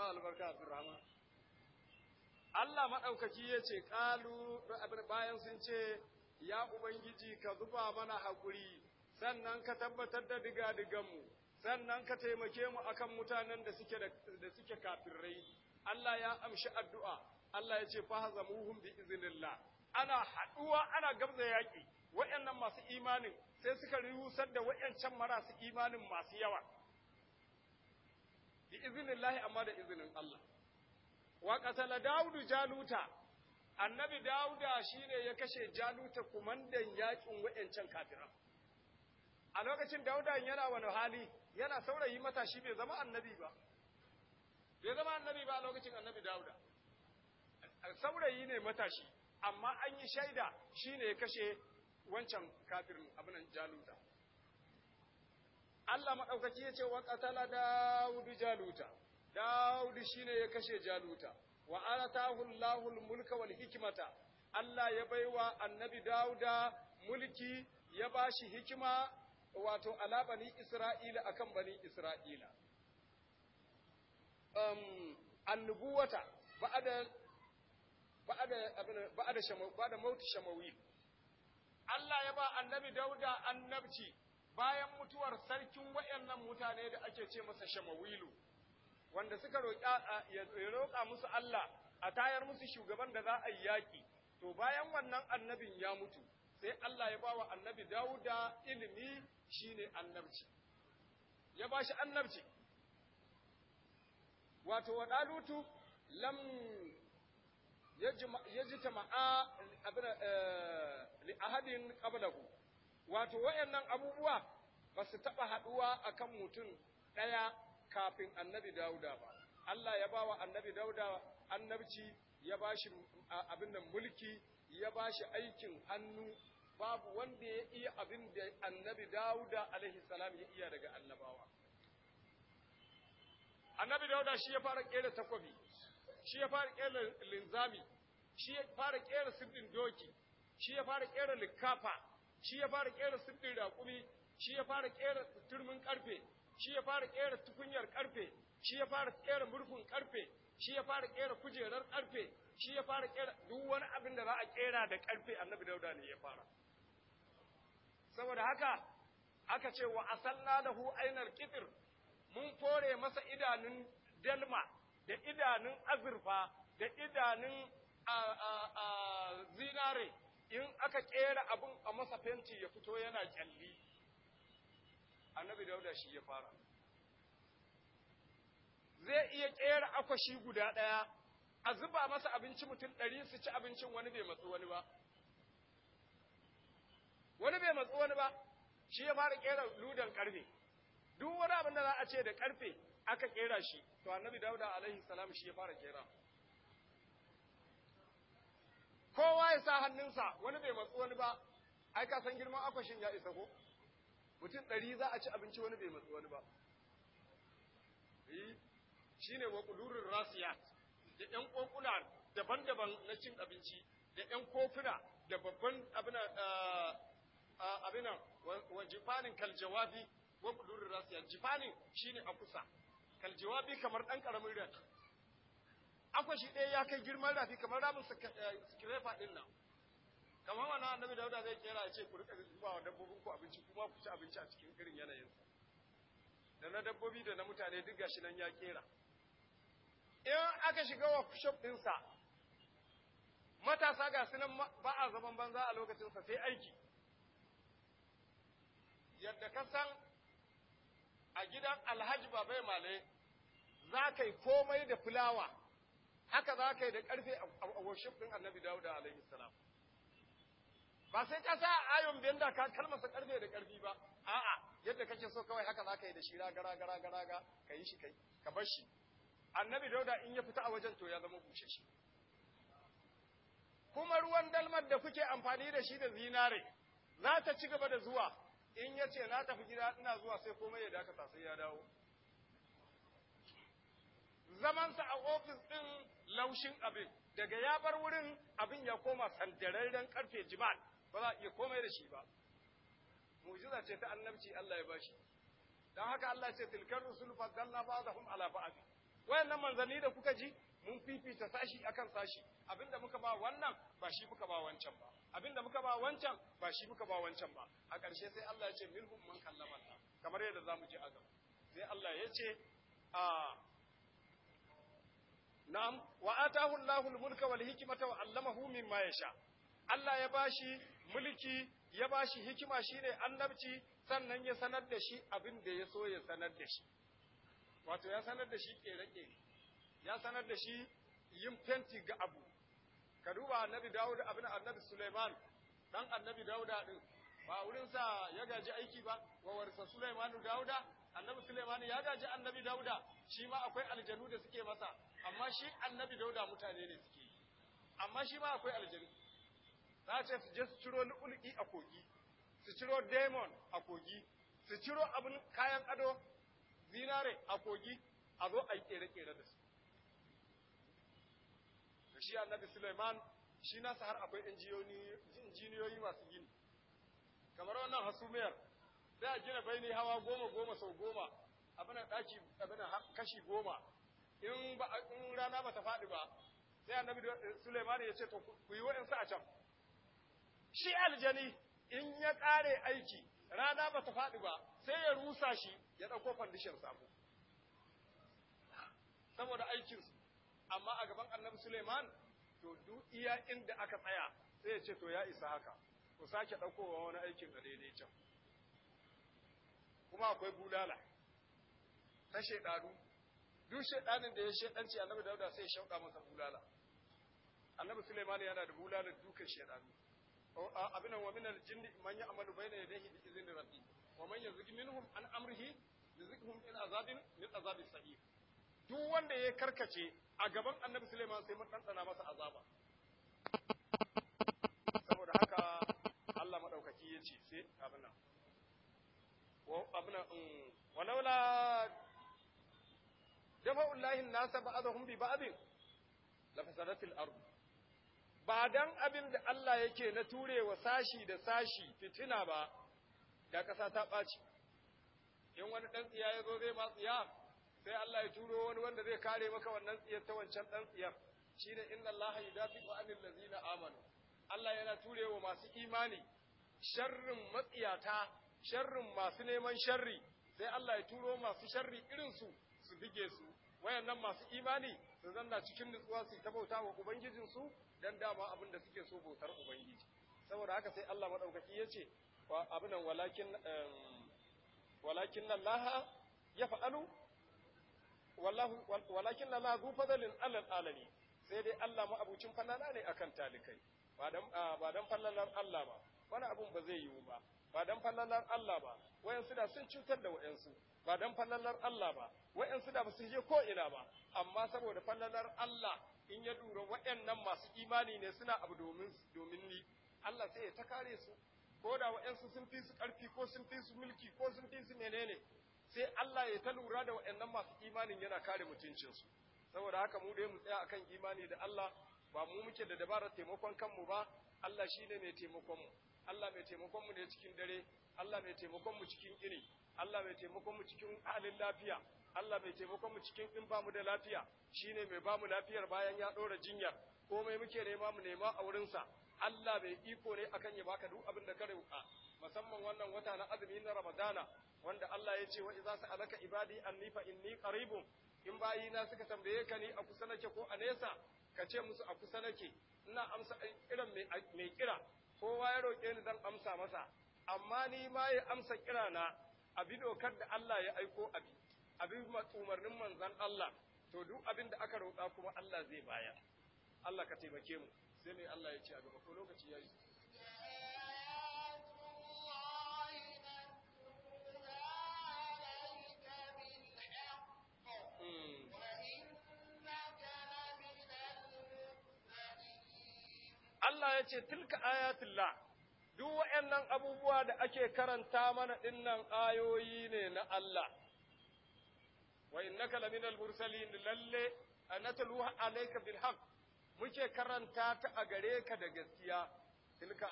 ma albarka Abdurrahman Allah maɗaukaki ya ce ƙalu bayan sun ce ya Ubangiji ka zuba mana haƙuri sannan ka tabbatar da diga-diganmu sannan ka taimake mu akan mutanen da suke suke kafirai Allah ya amshi addu'a Allah ya ce fahazamuhum bi iznillah ana haɗuwa ana gabza yaƙi nan masu imanin sai suka rusar da wa'yan can marasu imanin masu yawa bi izinin lahi amma da izinin Allah wa qatala daudu jaluta annabi dauda shine ya kashe jaluta kumandan yakin wayancan kafira. a lokacin dauda yana wani hali yana saurayi matashi bai zama annabi ba bai zama annabi ba a lokacin annabi dauda saurayi ne matashi amma an yi shaida shine ya kashe wancan kafirin abin jaluta Allah maɗaukaki ya ce wa ƙatala Dawudu Jaluta, Dawudu shi ne ya kashe Jaluta, wa atahu Allahul mulka wal hikimata, Allah ya baiwa annabi Dawuda mulki ya ba shi hikima wato ala bani Isra'ila akan bani Isra'ila. Um, annubuwata ba'ada da ba'ada shamawi Allah ya ba annabi Dawuda annabci bayan mutuwar sarkin wayannan mutane da ake ce masa shamawilu wanda suka roƙa musu Allah a tayar musu shugaban da za a yi yaƙi to bayan wannan annabin ya mutu sai Allah ya bawa annabi Dawuda ilimi shine annabci ya bashi annabci wato wa dalutu lam yajma yajtama'a abin eh, li ahadin qablahu wato wayannan abubuwa ba su taɓa haɗuwa a kan mutum ɗaya kafin annabi dauda ba Allah ya ba wa annabi dauda annabci ya ba shi abin nan mulki ya ba shi aikin hannu babu wanda ya iya abin da annabi dauda alaihi salam ya iya daga annabawa annabi dauda shi ya fara kera takwabi shi ya fara kera linzami shi ya fara kera sirdin doki shi ya fara kera likafa shi ya fara kera da raƙumi shi ya fara kera turmin karfe shi ya fara kera tukunyar karfe shi ya fara kera murhun karfe shi ya fara kera kujerar karfe shi ya fara kera duk wani abin da za a kera da karfe annabi dauda ne ya fara saboda haka aka ce wa asalla lahu ainar kitir mun fore masa idanun dalma da idanun azurfa da idanun zinare in aka kera abun a masa fenti ya fito yana kyalli annabi dauda shi ya fara zai iya kera akwashi guda ɗaya a zuba masa abinci mutum ɗari su ci abincin wani bai matsu wani ba wani bai matsu wani ba shi ya fara kera ludan karfe duk wani abin da za a ce da karfe aka kera shi to annabi dauda alaihi salam shi ya fara kera kowa ya sa hannunsa wani bai matsu wani ba ai ka san girman akwashin ya isa ko mutum ɗari za a ci abinci wani bai matsu wani ba eh, shi ne wa ƙudurin rasiyat da ‘yan ƙoƙuna daban-daban na cin abinci da ‘yan kofuna da babban abinan wa jifanin kaljawabi wa ƙudurin rasiyat jifanin shi ne a kusa kaljawabi kamar ɗan ƙaramin rake akwai shi ɗaya ya kai girman rafi kamar ramin sikirefa eh, ɗin nan kamar wani annabi dauda zai kera ya ce ku rika zuwa wa dabbobin ku abinci kuma ku ci abinci a cikin irin yanayinsa da na dabbobi da na mutane duk gashi nan ya kera in aka shiga wa workshop ɗinsa matasa ga nan ba a zaman banza a lokacinsa sai aiki yadda ka san a gidan alhaji babai male za ka yi komai da fulawa haka za ka yi da ƙarfe a worship din annabi dauda alaihi salam ba sai ka sa ayon benda ka kalmasa ƙarfe da ƙarfi ba a'a yadda kake so kawai haka za ka yi da shi raga gara gara ga ka yi shi kai ka bar shi annabi dauda in ya fita a wajen to ya zama bushe shi kuma ruwan dalmar da kuke amfani da shi da zinare za ta ci gaba da zuwa in ya ce na tafi gida ina zuwa sai komai ya dakata sai ya dawo zamansa a ofis din. laushin abin daga ya bar wurin abin ya koma sandararren karfe jimal ba za a iya komai da shi ba mu'jiza ce ta annabci Allah ya bashi dan haka Allah ce tilkar rusul faddalna ba'dahum ala ba'd wayannan manzanni da kuka ji mun fifita sashi akan sashi abinda muka ba wannan ba shi muka ba wancan ba abinda muka ba wancan ba shi muka ba wancan ba a ƙarshe sai Allah ya ce minhum man kallama kamar yadda zamu ji a gaba sai Allah ya ce a ah, na'am wa atahu Allahul mulka wal hikmata wa allamahu mimma yasha Allah ya bashi mulki ya bashi hikima shine annabci sannan ya sanar da shi abin da ya so ya sanar da shi wato ya sanar da shi kere ya sanar da shi yin fenti ga abu ka duba annabi Dawud abin annabi Sulaiman dan annabi Dawuda din ba wurin sa ya gaji aiki ba wa warsa Sulaiman Dawuda annabi Sulaiman ya gaji annabi Dauda shi ma akwai aljanu da suke masa amma shi annabi Dauda mutane ne suke yi amma shi ma akwai aljanu za ce su je su ciro lu'ulu'i a kogi su ciro demon a kogi su ciro abin kayan ado zinare a kogi a zo a yi kere-kere da su da shi annabi Suleiman shi nasa har akwai injiniyoyi masu gini kamar wannan hasumiyar sai a gina ne hawa goma goma sau goma abinan ɗaki abinan kashi goma in ba in rana ba ta faɗi ba sai annabi sulaimani ya ce to ku yi wa'ansu a can shi aljani in ya ƙare aiki rana ba ta faɗi ba sai ya rusa shi ya ɗauko fandishin sabo saboda aikinsu amma a gaban annabi Suleiman to duk iya inda aka tsaya sai ya ce to ya isa haka ku sake ɗaukowa wani aikin a daidai can kuma akwai bulala ta shaidanu duk shaidanin da ya shaidanci annabi dauda sai ya shauka masa bulala annabi sulaiman yana da bulalar dukan shaidanu abin wa minal jinni man ya'malu bayna yadayhi bi izni rabbi wa man yazig minhum an amrihi yuzighuhum min azabin min azabis sa'ir duk wanda ya karkace a gaban annabi sulaiman sai mun dantsana masa azaba saboda haka Allah madaukaki yace sai abin nan abuna um, walaula dafa'ullahi nasa ba'adhum bi ba'din la fasadatil ard ba dan abin da Allah yake na turewa sashi da sashi fitina ba da ƙasa ta ɓaci in wani ɗan tsiya ya zo zai ma tsiya sai Allah ya turo wani wanda zai kare maka wannan tsiyar ta wancan ɗan tsiyar shine inna Allah yudafi'u anil ladzina amanu Allah yana turewa masu imani sharrin matsiyata sharrin masu neman sharri sai Allah ya turo masu sharri irin su su bige su wayannan masu imani su zanna cikin nutsuwa su ta bauta wa ubangijin su dan dama abin da suke so bautar ubangiji saboda haka sai Allah madaukaki yace abin nan walakin walakin Allah ya fa'alu wallahu walakin Allah zu fadalin alal alami sai dai Allah ma abucin fallala ne akan talikai ba dan ba dan fallalar Allah ba wani abun ba zai yiwu ba ba dan fallalar Allah ba wayansu da sun cutar da wayansu ba dan fallalar Allah ba wayansu da ba su je ko ina ba amma saboda fallalar Allah in ya lura wayannan masu imani ne suna abu domin domin ni Allah sai ya ta kare su ko da wayansu sun fi su karfi ko sun fi su mulki ko sun fi su menene sai Allah ya ta lura da wayannan masu imanin yana kare mutuncinsu saboda haka mu dai mu tsaya akan imani da Allah ba mu muke da dabarar taimakon kanmu ba Allah shine mai taimakon mu Allah mai taimakon mu ne cikin dare Allah mai taimakon mu cikin ini Allah mai taimakon mu cikin halin lafiya Allah mai taimakon mu cikin in ba mu da lafiya shine mai ba mu lafiyar bayan ya dora jinyar komai muke nema mu nema a wurinsa. Allah mai iko ne akan ya baka duk abin da ka roƙa musamman wannan wata na azumi na Ramadana wanda Allah ya ce wa idza sa'alaka ibadi anni fa inni qaribun in bayina suka tambaye ka ni a kusa nake ko a nesa ka ce musu a kusa nake ina amsa irin mai kira kowa ya roƙe ni zan amsa masa amma ni ma ya amsa kira na abi dokar da Allah ya aiko abi abi umarnin manzon Allah to duk abin da aka roƙa kuma Allah zai bayar Allah ka taimake mu sai ne Allah ya ce a gaba ko lokaci ya yi. Allah ya ce tilka la duk waɗannan abubuwa da ake karanta mana dinnan ayoyi ne na Allah wa innaka laminal mursalin lalle anatluha alayka bil haqq muke karanta ta a gare ka da gaskiya tilka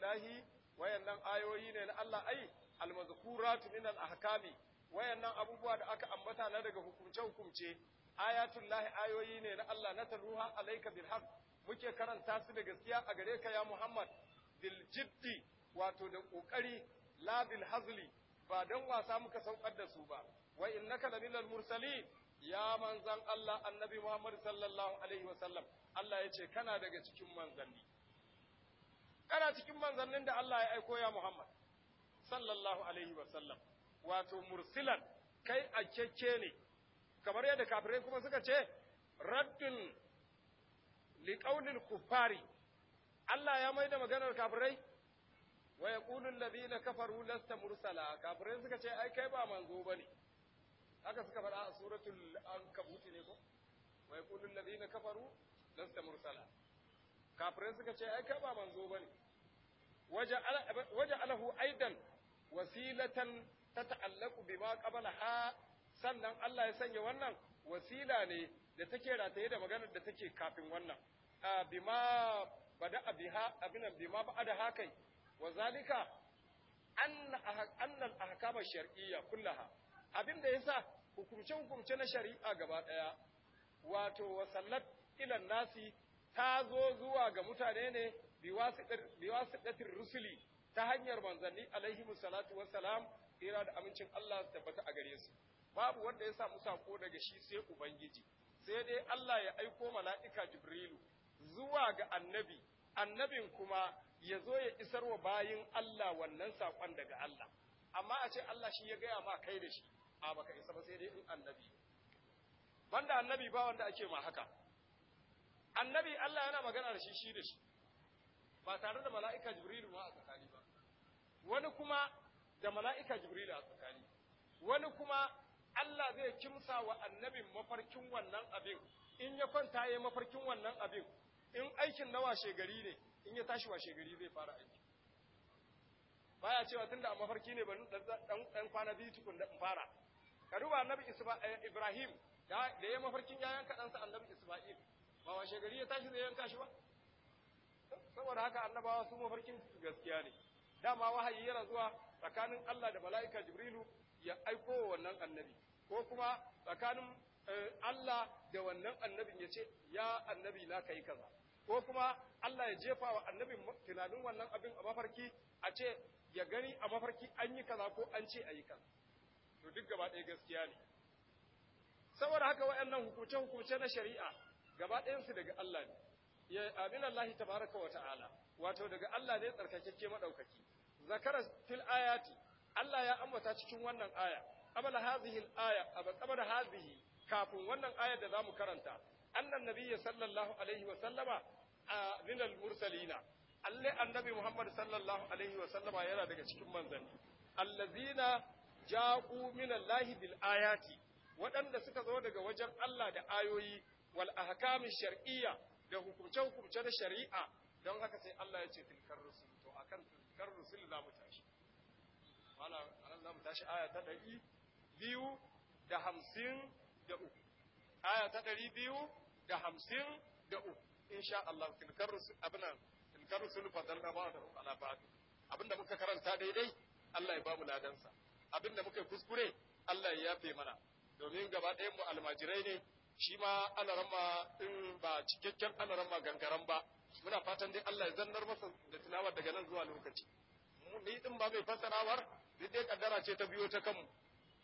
lahi wayannan ayoyi ne na Allah ai almazkurat min alahkami wayannan abubuwa da aka ambata na daga hukunce hukunce ayatullahi ayoyi ne na Allah nataluha alayka bil haqq muke karanta su da gaskiya a gare ka ya Muhammad bil jiddi wato da kokari la bil hazli ba dan wasa muka saukar da su ba wa innaka laminal mursalin ya manzan Allah annabi Muhammad sallallahu alaihi wasallam Allah ya ce kana daga cikin manzanni kana cikin manzannin da Allah ya aiko ya Muhammad sallallahu alaihi wasallam wato mursilan kai a keke ne kamar yadda kafirai kuma suka ce raddin liqaulil kuffari Allah ya maida maganar kafirai wa yaqulu alladhina kafaru lasta mursala kafirai suka ce ai kai ba manzo bane haka suka faɗa a suratul ankabut ne ko wa yaqulu alladhina kafaru lasta mursala kafirai suka ce ai kai ba manzo bane Alahu aidan wasilatan tata'allaqu bima ha sannan Allah ya sanya wannan wasila ne da take rataye da maganar da take kafin wannan bima bada abiha abin bima da hakai wa zalika anna al shariyya kullaha abin da yasa hukumce hukumce na shari'a gaba daya wato wa ila nasi ta zo zuwa ga mutane ne biwasiɗatin rusuli ta hanyar manzanni alaihi musallatu wassalam ira da amincin Allah tabbata a gare su babu wanda ya samu sako daga shi sai ubangiji sai dai Allah ya aiko mala'ika Jibrilu zuwa ga annabi, annabin kuma ya zo ya isar wa bayin Allah wannan saƙon daga Allah, amma a ce Allah shi ya gaya ma kai da shi, a baka isa ba sai dai in annabi. Banda annabi ba wanda ake ma haka, annabi Allah yana magana da shi shi da shi, ba tare da mala'ika Jibrilu ma a tsakani ba, wani kuma da mala'ika Jibrilu a tsakani, wani kuma Allah zai kimsa wa annabin mafarkin wannan abin in ya kwanta ya mafarkin wannan abin in aikin na washe gari ne in ya tashi washe gari zai fara aiki baya cewa tunda a mafarki ne ba dan kwana biyu tukun da in fara ka duba annabi eh, Ibrahim da ya mafarkin ya yanka ɗansa annabi Isma'il ba washe gari ya tashi zai yanka shi ba saboda haka annabawa su mafarkin gaskiya ne dama wahayi yana zuwa tsakanin Allah da mala'ika Jibrilu ya aiko wa wannan annabi ko kuma tsakanin eh, Allah da wannan annabin ya ce ya annabi na kai kaza ko kuma Allah ya jefa wa annabin tunanin wannan abin a mafarki a ce ya gani a mafarki an yi kaza ko an ce a yi kaza to duk gaba ɗaya gaskiya ne saboda haka waɗannan hukunce hukunce na shari'a gaba ɗayansu daga Allah ne ya abin Allah tabaraka wa ta'ala wato daga Allah ne tsarkakekke madaukaki zakara fil ayati Allah ya ambata cikin wannan aya qabla hadhihi al-aya qabla hadhihi kafin wannan aya da zamu karanta annan nabiyyi sallallahu alaihi wa sallama a al-mursalina alle annabi Muhammad sallallahu alaihi wa sallama yana daga cikin manzanni allazina ja'u min Allahi bil ayati waɗanda suka zo daga wajen Allah da ayoyi wal ahkami shar'iyya da hukumce hukumce na shari'a don haka sai Allah ya ce tilkar rusul to akan tilkar rusul za mu tashi malam anan zamu tashi aya ta ɗari biyu da hamsin da uku aya ta ɗari biyu da hamsin da uku in insha Allah tilkar abinan tilkar rusul fadalla ba da na ala Abin da muka karanta daidai Allah ya ba mu ladansa Abin da muka kuskure Allah ya yafe mana domin gaba ɗaya mu almajirai ne shi ma ana alarama in ba cikakken ana alarama gangaran ba muna fatan dai Allah ya zannar masa da tunawar daga nan zuwa lokaci ni din ba mai fassarawar? duk dai kaddara ce ta biyo ta kanmu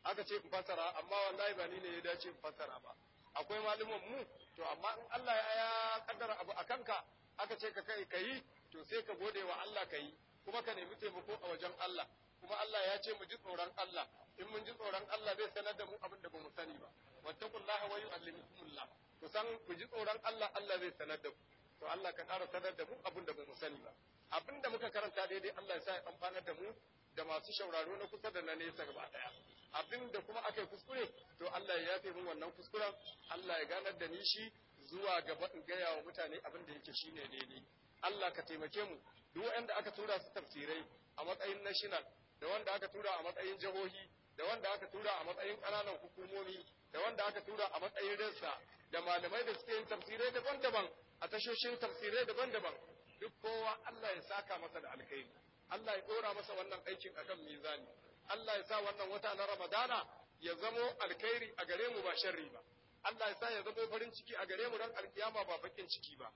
aka ce in fasara amma wallahi ba ni ne ya dace in fasara ba akwai malumin mu to amma in Allah ya kaddara abu a kanka aka ce ka kai kai to sai ka gode wa Allah kai kuma ka nemi taimako a wajen Allah kuma Allah ya ce mu ji tsoron Allah in mun ji tsoron Allah zai sanar da mu abin da bamu sani ba wattaqullaha wa yu'allimukumullah ku san ku ji tsoron Allah Allah zai sanar da ku to Allah ka ƙara sanar da mu abin da bamu sani ba abin da muka karanta daidai Allah ya sa ya amfana da mu da masu shauraro na kusa da na nesa gaba daya abin da kuma aka yi kuskure to Allah ya yafe min wannan kuskuren Allah ya ganar da ni shi zuwa gaba in gaya wa mutane abin da yake shine daidai Allah ka taimake mu duk wanda aka tura su tafsirai a matsayin national da wanda aka tura a matsayin jihohi da wanda aka tura a matsayin ƙananan hukumomi da wanda aka tura a matsayin rinsa da malamai da suke yin tafsirai daban-daban a tashoshin tafsirai daban-daban duk kowa Allah ya saka masa da alkhairi Allah ya ɗora masa wannan aikin a kan mizani Allah ya sa wannan wata na Ramadana ya zamo alkhairi a gare mu ba sharri ba Allah ya sa ya zamo farin ciki a gare mu don alkiyama ba bakin ciki ba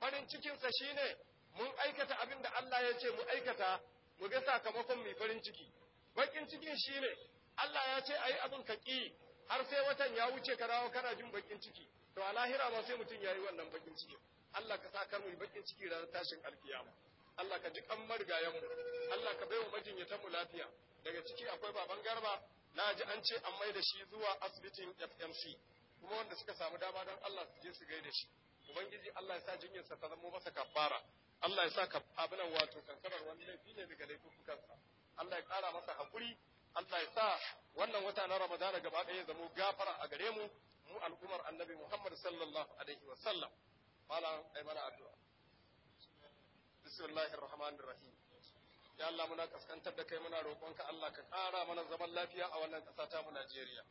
farin cikin sa shine mun aikata abin da Allah ya ce mu aikata mu ga sakamakon mai farin ciki bakin cikin shine Allah ya ce ayi abin ka har sai watan ya wuce ka dawo kana jin bakin ciki to a lahira ba sai mutum yayi wannan bakin ciki Allah ka sa kar mu bakin ciki ranar tashin alkiyama Allah ka ji kan marigayen mu Allah ka baiwa majinyatan mu lafiya daga ciki akwai baban garba na ji an ce an mai da shi zuwa asibitin FMC kuma wanda suka samu dama don Allah su je su gaida shi ubangiji Allah ya sa jinyarsa ta zama masa kafara Allah ya sa ka wato kankarar wani laifi ne daga laifukansa Allah ya kara masa hakuri Allah ya sa wannan wata na Ramadana gaba ɗaya ya zamo gafara a gare mu mu al'ummar Annabi Muhammad sallallahu alaihi wa sallam mala ai mana addu'a bismillahir rahmanir rahim ya Allah muna kaskantar da kai muna roƙonka Allah ka ƙara mana zaman lafiya a wannan ƙasa ta mu Najeriya